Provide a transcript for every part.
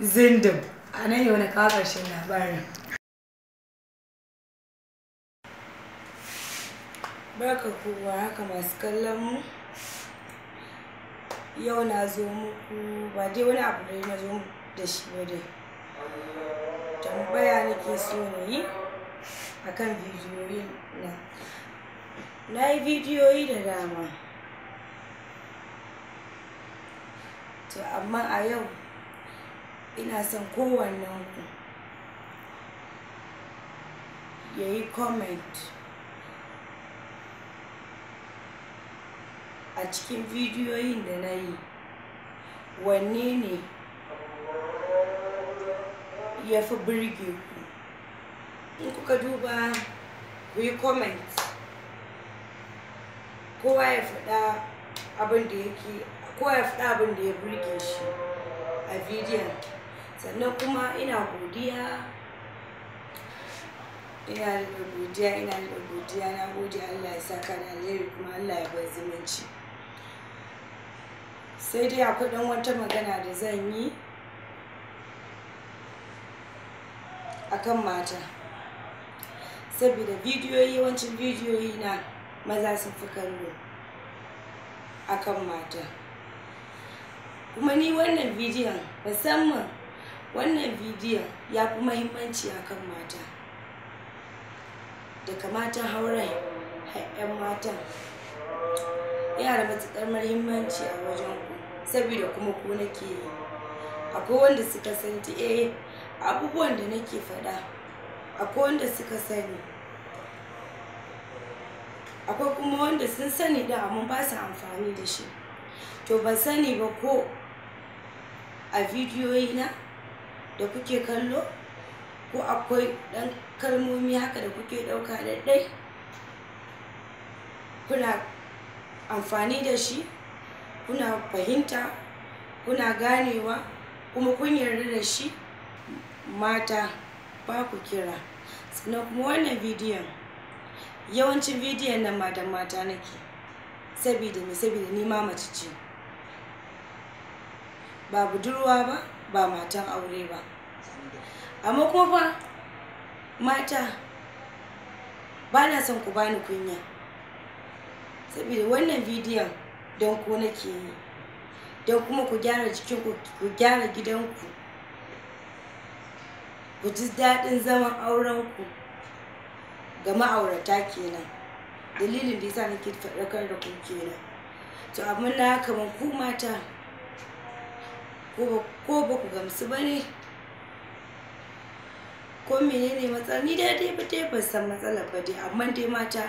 zindim a nan yau na kawo ƙarshen labarin barka kowa haka masu kallon mu yau na zo muku ba dai wani abu da na zo da shi ba dai tambaya nake so na yi akan bidiyoyi na na yi bidiyoyi da dama to amma a yau ina son kowannen ku ya yi comment a cikin videoyin da na yi wanne ne ya fi birge ku in kuka duba ku yi comment kowa ya faɗa abin da yake kowa ya faɗa abin ya burge shi a bidiyon sannan kuma ina godiya ina da godiya ina da godiya na gode Allah ya saka da alheri kuma Allah ya bar zumunci sai dai akwai ɗan wata magana da zan yi akan mata saboda bidiyoyi yawancin bidiyoyi na maza sun fi kallo akan mata kuma ni wannan bidiyon musamman wannan bidiyon ya fi mahimmanci a kan mata da kamata hauren haɗin matan yana da matuƙar mahimmanci a wajen ku saboda kuma ku nake yi akwai wanda suka ta eh abubuwan da nake faɗa akwai wanda suka sani akwai kuma wanda sun sani da amma ba su amfani da shi to ban sani ba ko a bidiyoyi na da kuke kallo ko akwai ɗan kalmomi haka da kuke ɗauka ɗai kuna amfani da shi kuna fahimta kuna ganewa kuma kun yarda da shi mata ba ku kira sannan kuma wannan bidiyon yawancin bidiyon nan mata mata nake sabida mai sabida ni ma mace ce ba budurwa ba ba matan aure ba amma kuma fa mata ba na son ku bani kunya saboda wannan bidiyon don ku nake yi don kuma ku gyara jikinku ku gyara gidanku ku ji daɗin zaman aurenku ga ma'aurata kenan dalilin da yasa nake faɗakar da ku kenan to amma na kaman ku mata ko ba ku gamsu ba ne ko menene matsala ni dai dai dai ban san matsalar ba dai amma dai mata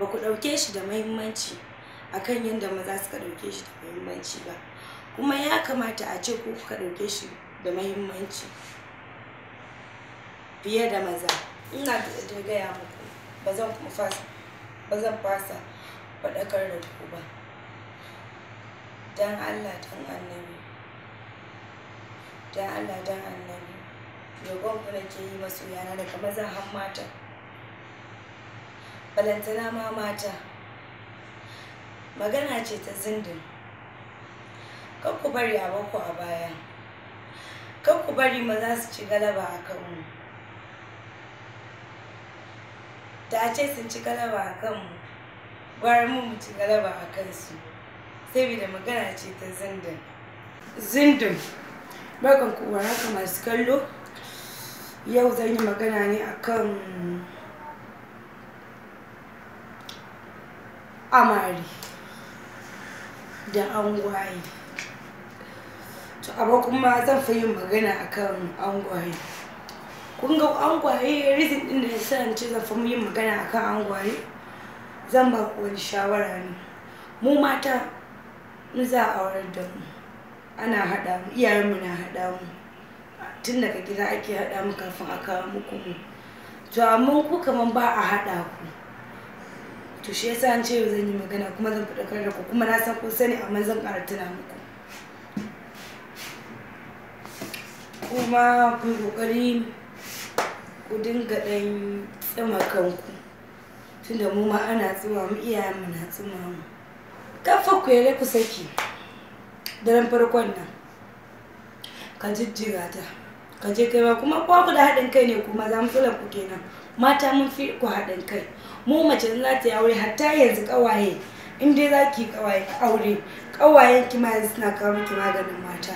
ba ku ɗauke shi da muhimmanci akan yadda maza suka dauke shi da muhimmanci ba kuma ya kamata a ce ku kuka ɗauke shi da muhimmanci fiye da maza ina da gaya muku ba zan kuma fasa ba zan fasa faɗakar da ku ba don allah don annabi dan Allah dan annabi roƙon da ke yi masoyana daga maza har mata balantana ma mata magana ce ta zindin kan ku bari a bako a baya kan ku bari maza su ci galaba a kanmu da ce sun ci galaba a kanmu gwara mu mu ci galaba a kansu da magana ce ta zindin zindin barkan ku haka masu kallo yau zan yi magana ne akan amari da angwaye to amma kuma zan fi yin magana akan angwaye kun ga angwaye reason din da ya sa ce zan fi yin magana akan angwaye zan ba ku wani shawara ne mu mata mu za a aurar da mu ana haɗa mu iyayenmu na haɗa mu tun daga gida ake haɗa mu kafin a kawo muku mu to amma ku kaman ba a haɗa ku to shi yasa an ce zan yi magana kuma zan faɗakar da ku kuma na san kun sani amma zan ƙara tuna muku kuma ku ƙoƙari ku dinga ɗan tsima kanku tunda mu ma ana tsima mu iyayenmu na tsima mu kafa ku yare ku saki daren farkon nan ka jijjira ta ka je kai ma kuma ko ku da haɗin kai ne kuma za mu ku kenan mata mun fi ku haɗin kai mu mace za ta yi aure hatta yanzu ƙawaye in dai za ki ƙawaye aure ƙawayen ki ma yanzu suna kawo miki maganin mata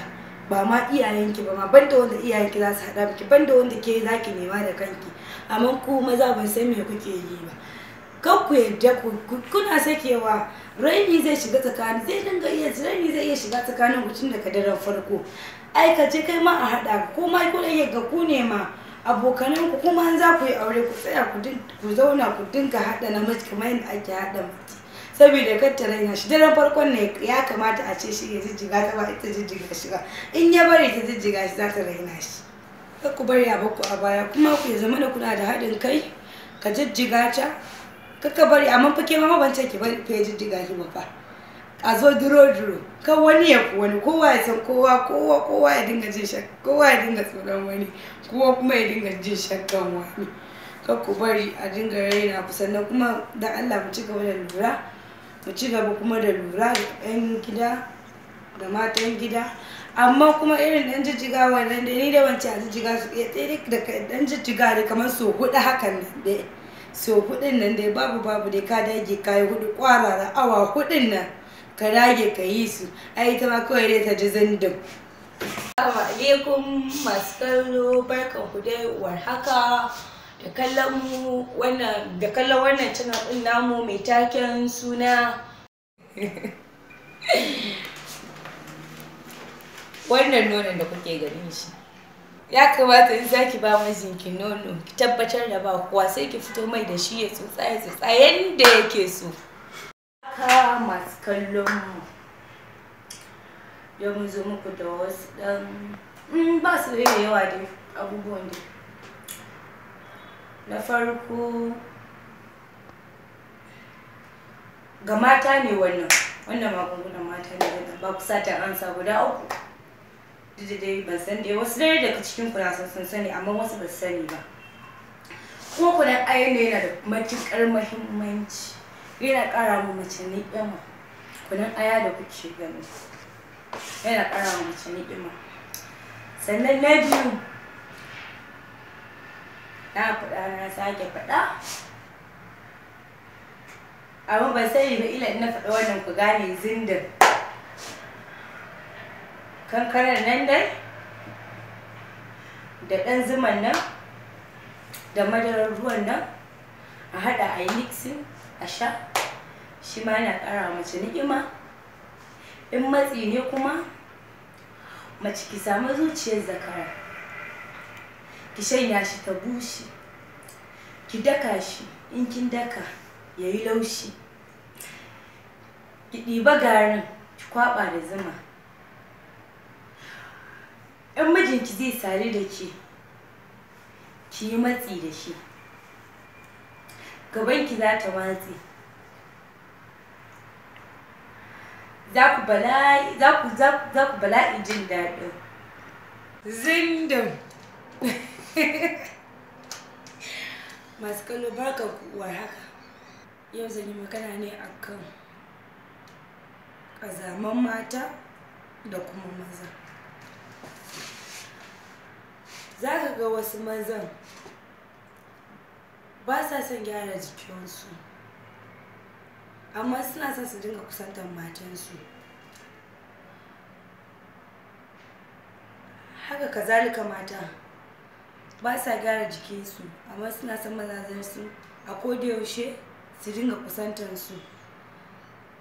ba ma iyayenki ba ma banda wanda iyayenki za su haɗa miki banda wanda ke za ki nema da kanki amma ku maza ban san me kuke yi ba kan ku yarda kuna sakewa raini zai shiga tsakani zai dinga iya raini zai iya shiga tsakanin mutum daga daren farko Ai ka je kai ma a hada ko ma ku da ga ku ne ma abokanan ku kuma an za ku yi aure ku tsaya ku zauna ku dinga haɗa namiji kamar yadda ake haɗa mace saboda kar ta raina shi daren farkon ne ya kamata a ce shi ya jijjiga ta ba ita jijjiga shi ba in ya bari ta jijjiga shi za ta raina shi ku bari a ku a baya kuma ku ya zama da kuna da haɗin kai ka jijjiga ta kaka bari amma fa ke ma ban take ki bari fe jijjiga ki ba fa a zo duro duro ka wani ya wani kowa ya san kowa kowa kowa ya dinga jin shak kowa ya dinga tsoron wani kowa kuma ya dinga jin shakkan wani ka ku bari a dinga raina ku sannan kuma dan Allah mu ci gaba da lura mu ci gaba kuma da lura da yan gida da matan gida amma kuma irin dan jijjiga wannan da ni da wancan jijjiga su eh, iya tsere da dan jijjiga ne kamar su hudu hakan ne so hudun nan dai babu babu dai ka dage ka yi hudu kwarara awa hudun nan ka dage ka yi su ai ta ma kawai dai ta ji zindin Assalamu alaikum masu kallo barkan ku dai haka. da kallon mu wannan da kallon wannan channel din namu mai taken suna wannan nonon da kuke ganin shi ya kamata in zaki ba mijinki nono ki tabbatar da ba kuwa sai ki fito mai da shi ya tsotsa ya tsotsa yanda yake so haka masu kallon mu yau mun zo muku da wasu dan mm, ba su da yawa dai abubuwan da, na farko ga mata ne wannan wannan magungunan mata ne wannan ba ku sata ansa guda uku duk dai ban san dai wasu dai daga cikin ku na san sun sani amma wasu ba sani ba Ko kuma kunan ne yana da matuƙar muhimmanci yana ƙara mu mace ni'ima kunan aya da kuke gani yana ƙara mu mace ni'ima sannan na biyu na faɗa na sake faɗa amma ban sani ba ila ina faɗa wannan ku gane zindin kankanar nan dai da ɗan zuman nan da madarar ruwan nan a haɗa a yi mixin a sha shi ma yana ƙara mace ni'ima in matsi ne kuma mace ki samu zuciyar zakara ki shanya shi ta bushe ki daka shi in kin daka yayi laushi ki ɗiba garin ki kwaɓa da zuma in mijinki zai sari da ke ki yi matsi da shi gabanki za ta matsi za ku bala'i za ku za ku bala'i jin daɗin zindin masu kallo barka uwar haka yau zan yi magana ne akan ƙazaman mata da kuma maza za ka ga wasu mazan ba sa son gyara jikinsu amma suna son su dinga kusantar matansu haka ka zalika mata ba sa gyara jikinsu amma suna son mazajensu a kodayaushe su dinga kusantarsu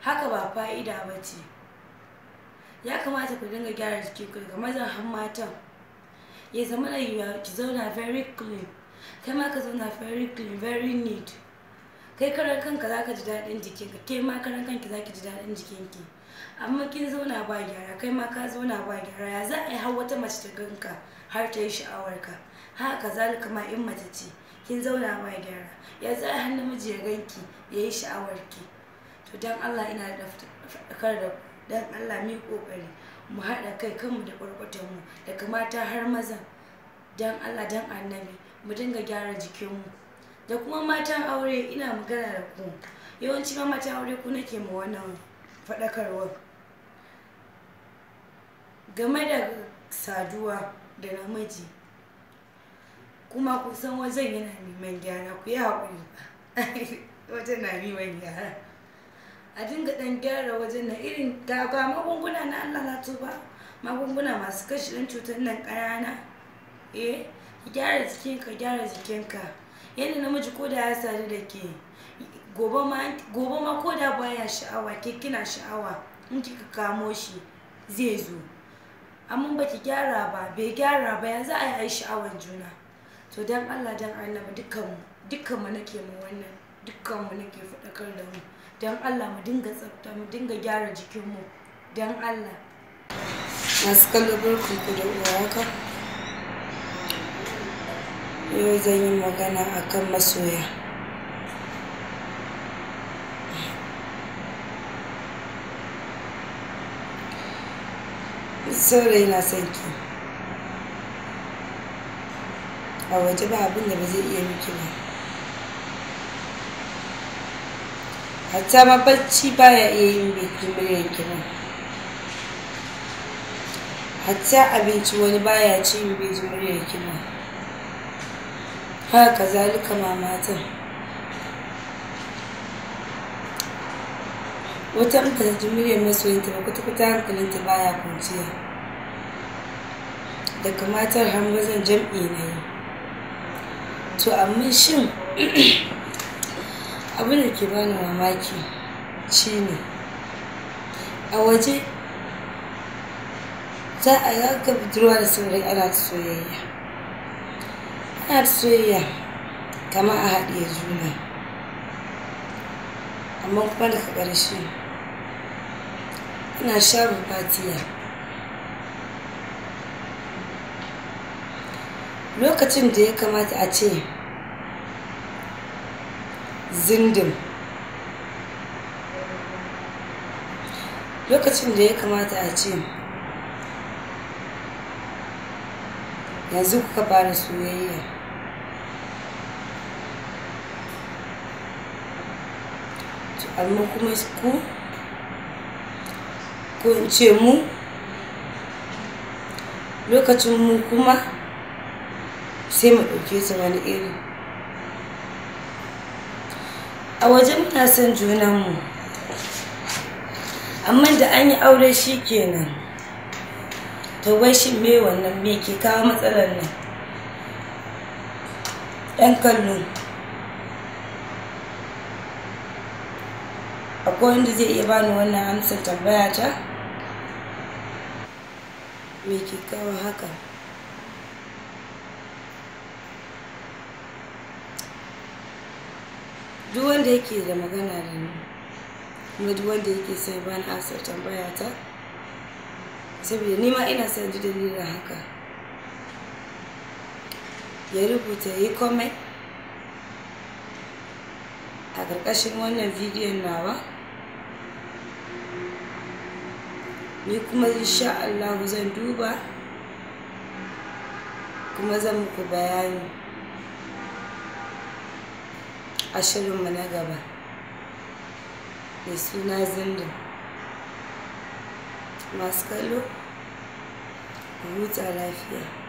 haka ba fa'ida ba ce ya kamata ku dinga gyara jikinku daga mazan har matan ya zama da yiwuwa ki zauna very clean kai ma ka zauna very clean very neat kai karan kanka za ka ji daɗin jikinka kai ma karan kanki za ki ji daɗin jikinki amma kin zauna ba gyara kai ma ka zauna ba gyara ya za a yi har wata mace ta ganka har ta yi sha'awarka haka zalika ma in mace ce kin zauna ba gyara ya za a har namiji ya ganki ya yi sha'awarki to don allah ina da fitar da don allah mi ƙoƙari mu haɗa kai kanmu da mu da kamata har mazan don allah don annabi mu dinga gyara jikinmu da kuma matan aure ina magana da ku yawanci ma matan aure ku nake ma wannan faɗakarwar game da saduwa da namiji kuma kusan wajen yana neman gyara ku yi haƙuri ba wajen na neman gyara a dinga dan gyara wajen na irin ga ga magunguna na Allah na tuba magunguna masu kashe dan cutar nan ƙanana eh gyara gyara jikinka gyara jikinka yadda namiji ko da ya sadu da ke gobe ma ko da baya sha'awa ke kina sha'awa in kika kamo shi zai zo amma ki gyara ba bai gyara ba yanzu a yi sha'awar juna to dan Allah dan Allah dukkan dukkan mu nake mu wannan dukkan mu nake faɗakar da mu don allah mu dinga tsafta mu dinga gyara jikinmu don allah masu kallo kuku da uwaka? yau zan yi magana akan masoya saurayi na son ki a waje ba abinda da ba zai iya miki ba hatta ma bacci baya iya yin bikin muryar kiran hatta abinci wani baya ci yin bai ji muryar kiran haka kazalika mamatan wata in ta ji yin masoyinta ba kwata-kwata hankalinta baya kwanciya daga matar har mazan jam'i na yi to amma shin abin da ke bani mamaki ne a waje za a yi haka budurwa da saurayi ana soyayya ana soyayya kama a ya juna amma kuma daga ƙarshe ana sha fatiya lokacin da ya kamata a ce zindin lokacin da ya kamata a ce yanzu kuka fara soyayya amma kuma ku ko in ce mu lokacin mu kuma sai mu ɗauke su wani iri a waje muna son junanmu amma da an yi aure shi kenan to wai shi me wannan me ke kawo matsalar nan ɗan kallo akwai wanda zai iya bani wannan amsar tambaya ta me ke kawo haka duk wanda yake da magana da ni kuma duk wanda yake sai ba na asar tambaya ta saboda ni ma ina son ji dalilin haka ya rubuta ya yi komai a ƙarƙashin wannan bidiyon nawa ni kuma insha Allah zan duba kuma zan muku bayani a shirinmu na gaba mai suna zindin masu kallo huta lafiya